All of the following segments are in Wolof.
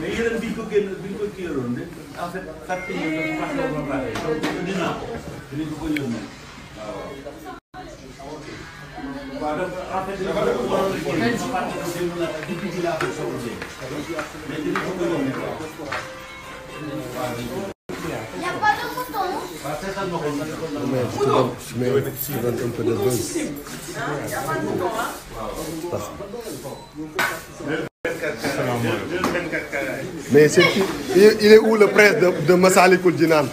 mais yeneen bi ñu ko génn bi ñu ko kiiroon de en fait fàtte ko dinañ ko mais tu qui il est où le prince de de Massalikul Jinaan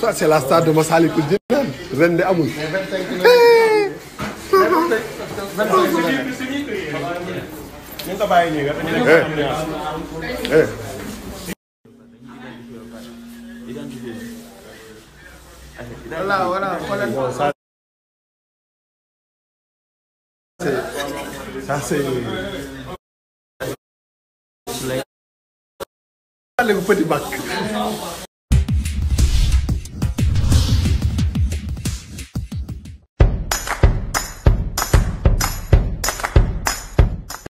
ça c'est la star de Jinaan ren de amul. mais eh, eh. voilà voilà. ça c'est le petit bac.